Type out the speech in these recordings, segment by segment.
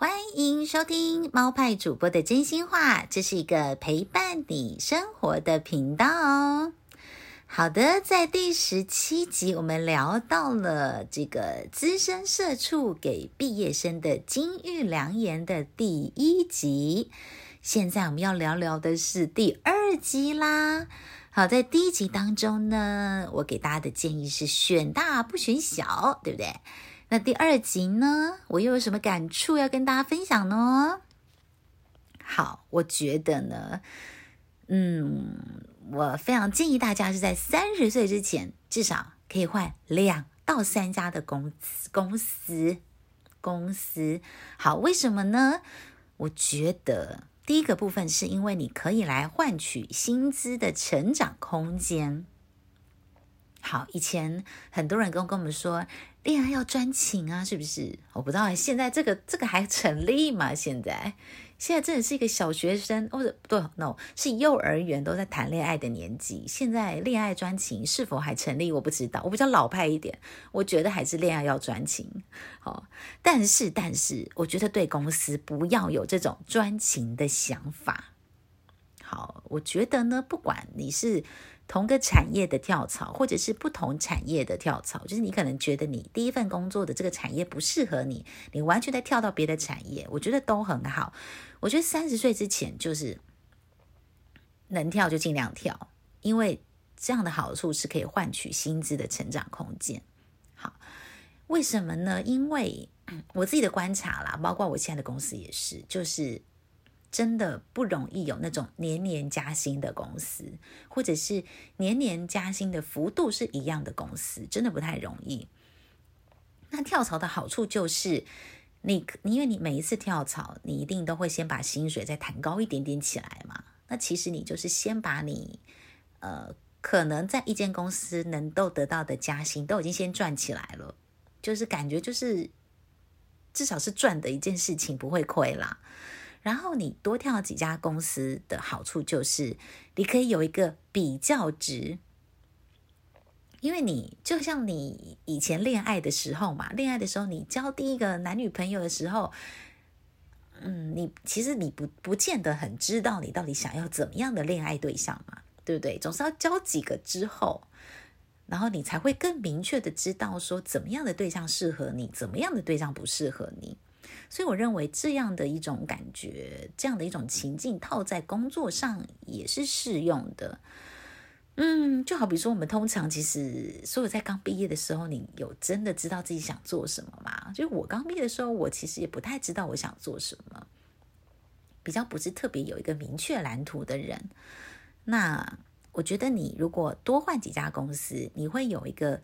歡迎收聽貓派主播的真心話，這是一個陪伴你生活的頻道哦。好的，在第十七集我們聊到了這個資深社畜給畢業生的金玉良言的第一集。現在我們要聊聊的是第二集啦。好，在第一集當中呢，我給大家的建議是選大不選小，對不對？那第二集呢？我又有什麼感觸要跟大家分享呢？好，我覺得呢，嗯，我非常建議大家是在三十歲之前，至少可以換兩到三家的公司，公司，公司。好，為什麼呢？我覺得第一個部分是因為你可以來換取薪資的成長空間。好，以前很多人跟跟我們說戀愛要專情啊，是不是？我、哦、不知道現在這個這個還成立嗎？現在現在真的是一個小學生，或者不對，no 是幼兒園都在談戀愛的年紀。現在戀愛專情是否還成立？我不知道。我比較老派一點，我覺得還是戀愛要專情。好、哦，但是但是，我覺得對公司不要有這種專情的想法。好，我覺得呢，不管你是同個產業的跳槽，或者是不同產業的跳槽，就是你可能覺得你第一份工作的這個產業不適合你，你完全再跳到別的產業，我覺得都很好。我覺得三十歲之前就是能跳就盡量跳，因為這樣的好處是可以換取薪資的成長空間。好，為什麼呢？因為我自己的觀察啦，包括我現在的公司也是，就是。真的不容易有那種年年加薪的公司，或者是年年加薪的幅度是一樣的公司，真的不太容易。那跳槽的好處就是你，你你因為你每一次跳槽，你一定都會先把薪水再談高一點點起來嘛。那其實你就是先把你呃可能在一間公司能夠得到的加薪都已經先賺起來了，就是感覺就是至少是賺的一件事情，不會虧啦。然後你多跳幾家公司的好處就是，你可以有一個比較值，因為你就像你以前戀愛的時候嘛，戀愛的時候你交第一個男女朋友的時候，嗯，你其實你不不見得很知道你到底想要怎麼樣的戀愛對象嘛，對不對？總是要交幾個之後，然後你才會更明確的知道說怎麼樣的對象適合你，怎麼樣的對象不適合你。所以我認為這樣的一種感覺，這樣的一種情境套在工作上也是適用的。嗯，就好比說我們通常其實，所以，我在剛畢業的時候，你有真的知道自己想做什麼嗎？就我剛畢業的時候，我其實也不太知道我想做什麼，比較不是特別有一個明確藍圖的人。那我覺得你如果多換幾家公司，你會有一個。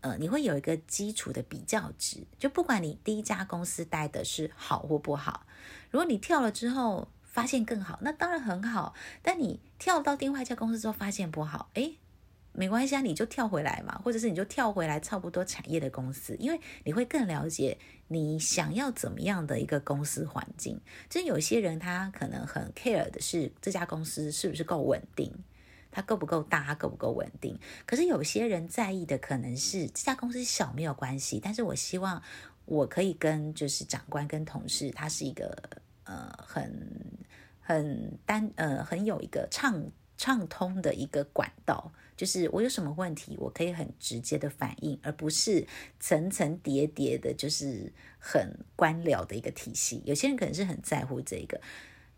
呃，你會有一個基礎的比較值，就不管你第一家公司待的是好或不好，如果你跳了之後發現更好，那當然很好。但你跳到另外一家公司之後發現不好，欸，沒關係啊，你就跳回來嘛，或者是你就跳回來差不多產業的公司，因為你會更了解你想要怎麼樣的一個公司環境。就有些人他可能很 care 的是這家公司是不是夠穩定。它夠不夠大，它夠不夠穩定？可是有些人在意的可能是這家公司小沒有關係，但是我希望我可以跟就是長官跟同事，它是一個呃很很單呃很有一個暢暢通的一個管道，就是我有什麼問題，我可以很直接的反應，而不是層層疊疊疊的，就是很官僚的一個體系。有些人可能是很在乎這個。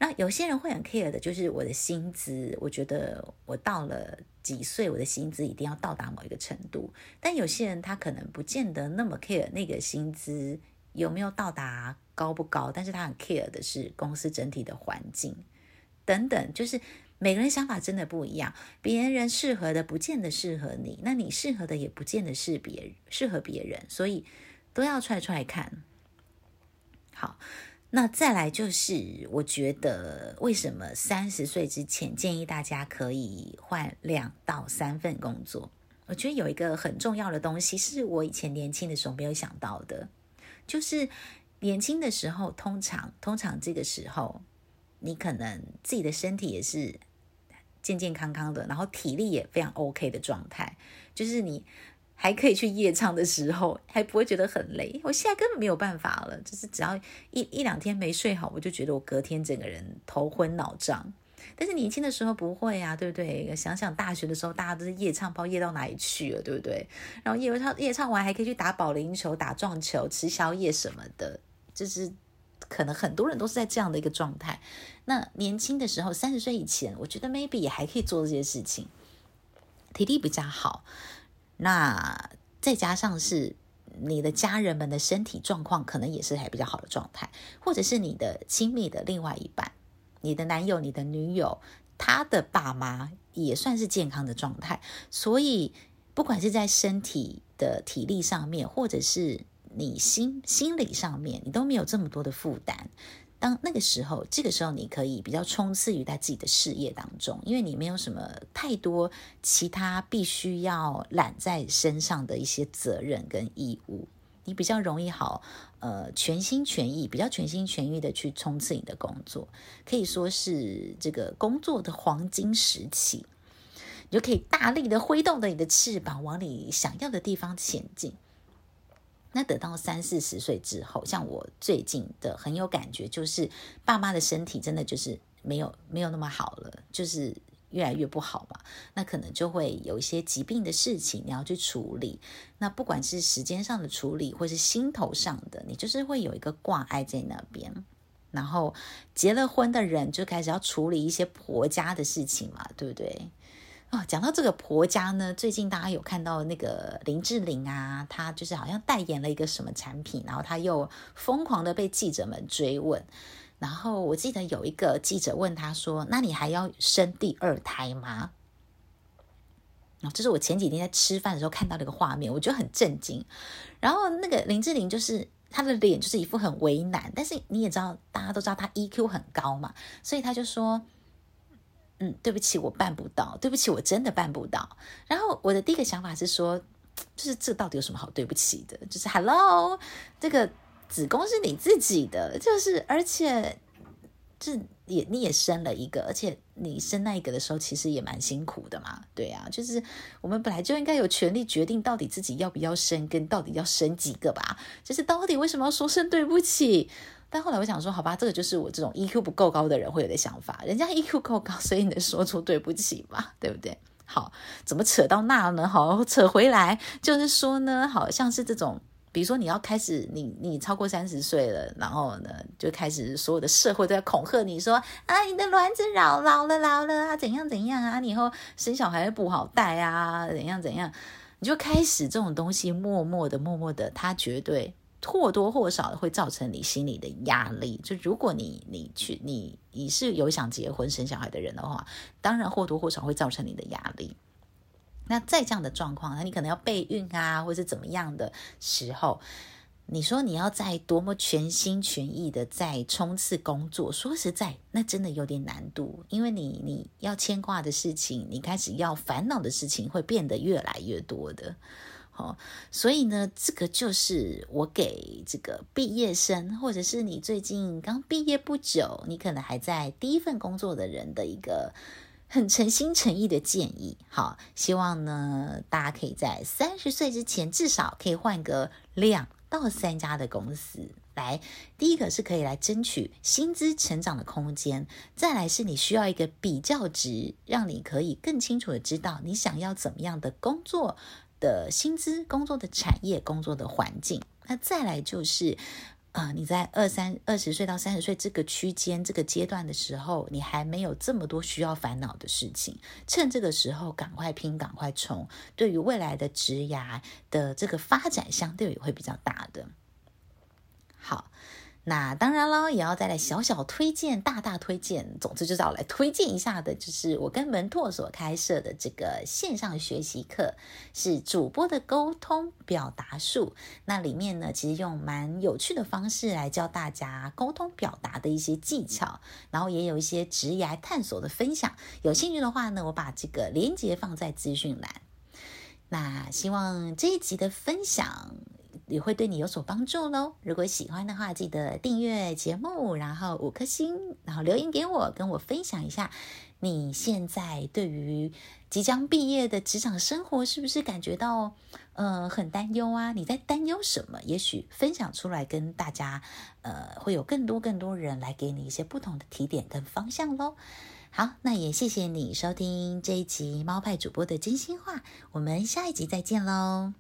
那有些人會很 care 的，就是我的薪資，我覺得我到了幾歲，我的薪資一定要到達某一個程度。但有些人他可能不見得那麼 care 那個薪資有沒有到達高不高，但是他很 care 的是公司整體的環境等等，就是每個人想法真的不一樣，別人適合的不見得適合你，那你適合的也不見得是別適合別人，所以都要踹出來，出來看好。那再來就是，我覺得為什麼三十歲之前建議大家可以換兩到三份工作？我覺得有一個很重要的東西是我以前年輕的時候沒有想到的，就是年輕的時候通常通常這個時候，你可能自己的身體也是健健康康的，然後體力也非常 OK 的狀態，就是你。還可以去夜唱的時候，還不會覺得很累。我現在根本沒有辦法了，就是只要一一兩天沒睡好，我就覺得我隔天整個人頭昏腦脹。但是年輕的時候不會啊，對不對？想想大學的時候，大家都是夜唱，包夜到哪裡去了，對不對？然後夜唱夜唱完還可以去打保齡球、打撞球、吃宵夜什麼的，就是可能很多人都是在這樣的一個狀態。那年輕的時候，三十歲以前，我覺得 maybe 也還可以做這些事情，體力比較好。那再加上是你的家人們的身體狀況，可能也是還比較好的狀態，或者是你的親密的另外一半，你的男友、你的女友，他的爸媽也算是健康的狀態，所以不管是在身體的體力上面，或者是你心心理上面，你都沒有這麼多的負擔。當那個時候，這個時候，你可以比較衝刺於在自己的事業當中，因為你沒有什麼太多其他必須要攬在身上的一些責任跟義務，你比較容易好，呃，全心全意，比較全心全意的去衝刺你的工作，可以說是這個工作的黃金時期，你就可以大力的揮動着你的翅膀，往你想要的地方前進。那等到三四十歲之後，像我最近的很有感覺，就是爸媽的身體真的就是沒有沒有那麼好了，就是越來越不好嘛。那可能就會有一些疾病的事情你要去處理，那不管是時間上的處理或是心頭上的，你就是會有一個掛礙在那邊。然後結了婚的人就開始要處理一些婆家的事情嘛，對不對？哦，講到這個婆家呢，最近大家有看到那個林志玲啊，她就是好像代言了一個什麼產品，然後她又瘋狂的被記者們追問。然後我記得有一個記者問她說：“那你還要生第二胎嗎？”啊、哦，這是我前幾天在吃飯的時候看到的一個畫面，我覺得很震驚。然後那個林志玲就是她的臉就是一副很為難，但是你也知道，大家都知道她 EQ 很高嘛，所以她就說，嗯，對不起，我辦不到。對不起，我真的辦不到。然後我的第一個想法是說，就是這到底有什麼好對不起的？就是 Hello，這個子宮是你自己的，就是而且就也你也生了一個，而且，你生那一個的時候，其實也蠻辛苦的嘛，對啊，就是我們本來就應該有權利決定到底自己要不要生，跟到底要生幾個吧。就是到底為什麼要說聲對不起？但後來我想說，好吧，這個就是我這種 EQ 不夠高的人會有的想法。人家 EQ 夠高，所以你能說出對不起嘛，對不對？好，怎麼扯到那呢？好，扯回來就是說呢，好像是這種。比如說，你要開始，你你超過三十歲了，然後呢，就開始所有的社會都在恐嚇你說啊，你的卵子老老了老了啊，怎樣怎樣啊，你以後生小孩不好帶啊，怎樣怎樣，你就開始這種東西，默默的默默的，它絕對或多或少的會造成你心理的壓力。就如果你你去你你是有想結婚生小孩的人的話，當然或多或少會造成你的壓力。那在這樣的狀況，那你可能要備孕啊，或是怎麼樣的時候，你說你要在多麼全心全意的在衝刺工作？說實在，那真的有點難度，因為你你要牽掛的事情，你開始要煩惱的事情會變得越來越多的。好、哦，所以呢，這個就是我給這個畢業生，或者是你最近剛畢業不久，你可能還在第一份工作的人的一個。很誠心誠意的建議，好，希望呢，大家可以在三十歲之前至少可以換個兩到三家的公司來。第一個是可以來爭取薪資成長的空間，再來是你需要一個比較值，讓你可以更清楚的知道你想要怎麼樣的工作的薪資、工作的產業、工作的環境。那再來就是。啊、呃，你在二三二十歲到三十歲這個區間，這個階段的時候，你還沒有這麼多需要煩惱的事情，趁這個時候趕快拼、趕快衝，對於未來的職涯的這個發展，相對也會比較大的。好。那當然了，也要再來小小推薦、大大推薦。總之，就是要來推薦一下的，就是我跟門拓所開設的這個線上學習課，是主播的溝通表達術。那裡面呢，其實用蠻有趣的方式來教大家溝通表達的一些技巧，然後也有一些職業探索的分享。有興趣的話呢，我把這個連結放在資訊欄。那希望這一集的分享。也會對你有所幫助嘍。如果喜歡的話，記得訂閱節目，然後五顆星，然後留言給我，跟我分享一下你現在對於即將畢業的職場生活是不是感覺到呃很擔憂啊？你在擔憂什麼？也許分享出來跟大家呃會有更多更多人來給你一些不同的提點跟方向嘍。好，那也謝謝你收聽這一集貓派主播的真心話，我們下一集再見嘍。